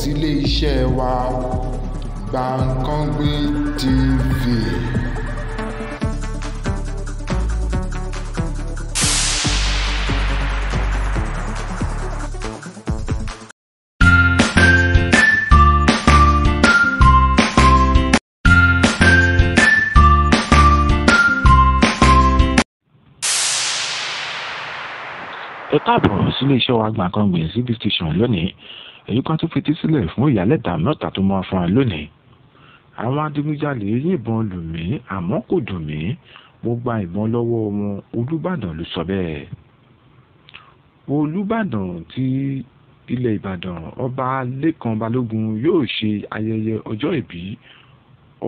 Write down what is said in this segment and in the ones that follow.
sílé iṣẹ́ wa Gbankanbi TV. ẹ káàbọ̀ sílé iṣẹ́ wa Gbankanbi síbi station lónìí èyí kan tún fetí sílẹ̀ fún ìyálẹ̀ta mẹ́ta tó máa fún wa lónìí àwọn adigunjalè yìnbọn lù mí àmọ́ kò dùn mí mo gba ìbọn lọ́wọ́ wọn olùbàdàn ló sọ bẹ́ẹ̀ olùbàdàn tí ilẹ̀ ìbàdàn ọba lẹ́kan balógun yóò ṣe ayẹyẹ ọjọ́ ìbí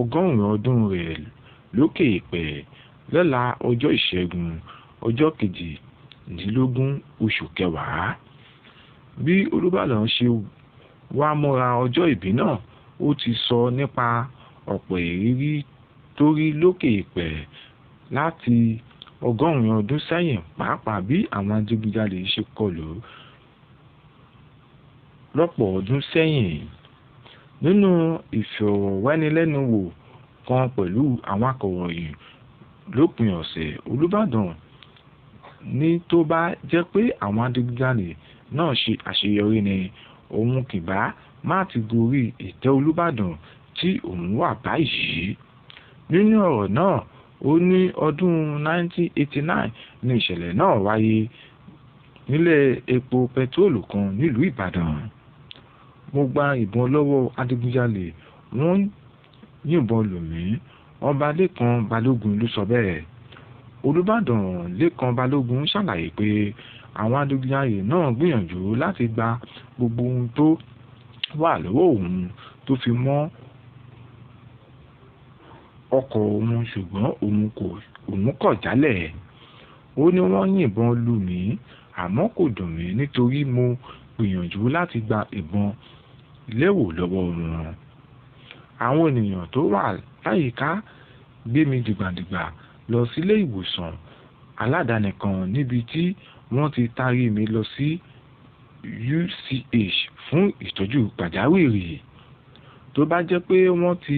ọgọ́rùn-ún ọdún rẹ̀ lókè ìpẹ́ lọ́la ọjọ́ ìṣẹ́gun ọjọ́ kejìdínlógún oṣù kẹwàá bí olùbàdàn ṣe wá múra ọjọ́ ìbí náà ó ti sọ nípa ọ̀pọ̀ ìrírí tó rí lókè ìpẹ̀ láti ọgọ́rùn-ún ọdún sẹ́yìn pàápàá bí àwọn adigunjalè ṣe kọlù lọ́pọ̀ ọdún sẹ́yìn nínú ìfọ̀rọ̀wánilẹ́nuwò kan pẹ̀lú àwọn akọ̀ròyìn lópin ọ̀sẹ̀ olùbàdàn ní tó bá jẹ́ pé àwọn adigunjalè náà ṣe àṣeyọrí ni òun kìbá má ti gorí ìtẹ́ olúbàdàn tí òun wà báyìí nínú ọ̀rọ̀ náà ó ní ọdún 1989 ní ìṣẹ̀lẹ̀ náà wáyé nílé epo pẹtrólù kan nílùú ìbàdàn mo gba ìbọn lọ́wọ́ adigunjalè wọ́n yìnbọn lù mí ọba lẹ́kan balógun ló sọ bẹ́ẹ̀ olùbàdàn lẹ́kan balógun ṣàlàyé pé àwọn adigunjalè náà gbìyànjú láti gba gbogbo ohun tó wà lọ́wọ́ òun tó fi mọ́ ọkọ̀ òun ṣùgbọ́n òun kọ̀ jálẹ̀ ó ní wọ́n yìnbọn lù mí àmọ́ kò dùn mí nítorí mo gbìyànjú láti gba ìbọn léwò lọ́wọ́ wọn. àwọn ènìyàn tó wà láyìíká gbé mi dìgbàdìgbà lọ sílé ìwòsàn aládàáni kan níbi tí wọ́n ti taari mi lọ sí UCH fún ìtọ́jú pàjáwìrì tó bá jẹ́ pé wọ́n ti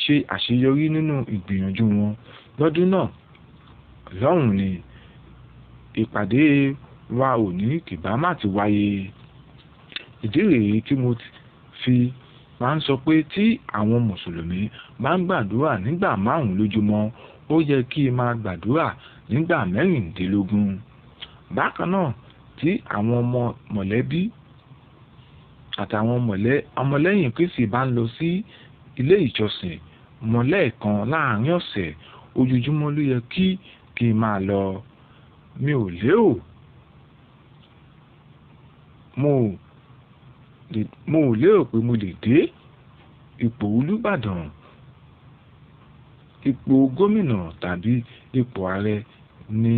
ṣe àṣeyọrí nínú ìgbìyànjú wọn lọ́dún náà lọ́hùn ni ìpàdé wa ò ní kìbámà ti wáyé ìdí rèé tí mo fi máa ń sọ pé tí àwọn mùsùlùmí máa ń gbàdúrà nígbà márùn lójúmọ́ ó yẹ kí ẹ máa gbàdúrà nígbà mẹ́rìndínlógún bákan náà tí àwọn ọmọ mọ̀lẹ́bí àtàwọn ọmọlẹ́yìn kristi bá ń lọ sí ilé ìjọsìn mọ̀lẹ́ẹ̀kan láàrin ọ̀sẹ̀ ojoojúmọ́ ló yẹ kí kí n máa lọ mi ò léò mo ò lérò pé mo lè dé ipò olùbàdàn ipò gómìnà tàbí ipò ààrẹ ni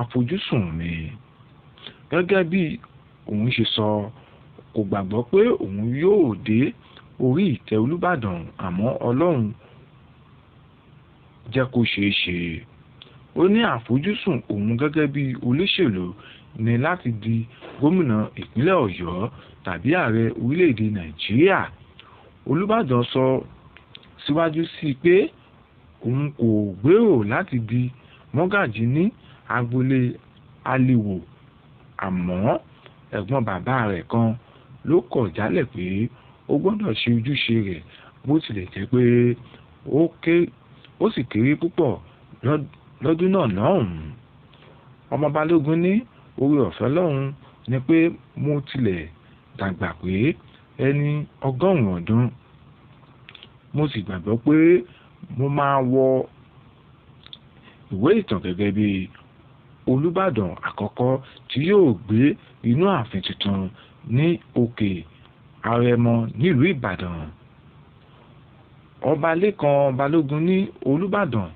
àfojúsùn mi gẹ́gẹ́ bí òun ṣe sọ kò gbàgbọ́ pé òun yóò dé orí ìtẹ́ olúbàdàn àmọ́ ọlọ́run jẹ́ kó ṣeé ṣe ó ní àfojúsùn òun gẹ́gẹ́ bí olóṣèlú ni láti di gómìnà ìpínlẹ̀ ọ̀yọ́ tàbí ààrẹ orílẹ̀-èdè nàìjíríà olúbàdàn sọ síwájú sí i pé òun kò gbèrò láti di mọ́gàjì ní agboolé aliwo àmọ́ ẹ̀gbọ́n bàbá rẹ̀ kan ló kọ̀ jálẹ̀ pé ó gbọ́dọ̀ ṣe ojúṣe rẹ̀ bó tilẹ̀ jẹ́ pé ó sì kéré púpọ̀ lọ́dún náà lọ́hùn. ọmọ balógun ní orí ọ̀fẹ́ lọ́hùn ni pé mo tilẹ̀ dàgbà pé ẹni ọgọ́rùn-ún ọdún mo sì gbàgbọ́ pé mo máa wọ ìwé ìtàn gẹ́gẹ́ bí olùbàdàn àkọ́kọ́ tí yóò gbé inú ààfin tuntun ní òkè àrẹ̀mọ nílùú ìbàdàn ọba lẹ́kan balógun ní olùbàdàn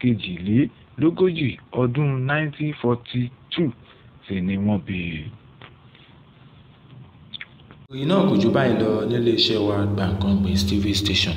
kejìlélógójì ọdún 1942 sì ni wọ́n bí i. ìròyìn náà kò jù báyìí lọ nílé iṣẹ́ wa Gbankanbi TV station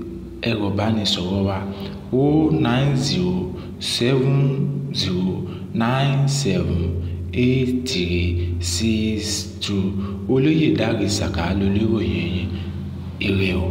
ẹ̀rọ ìbánisọ̀rọ̀ wa o nine zero seven zero nine seven eight three six two. Olóyèdárì Sàká lolóròyìn yín. Ire o.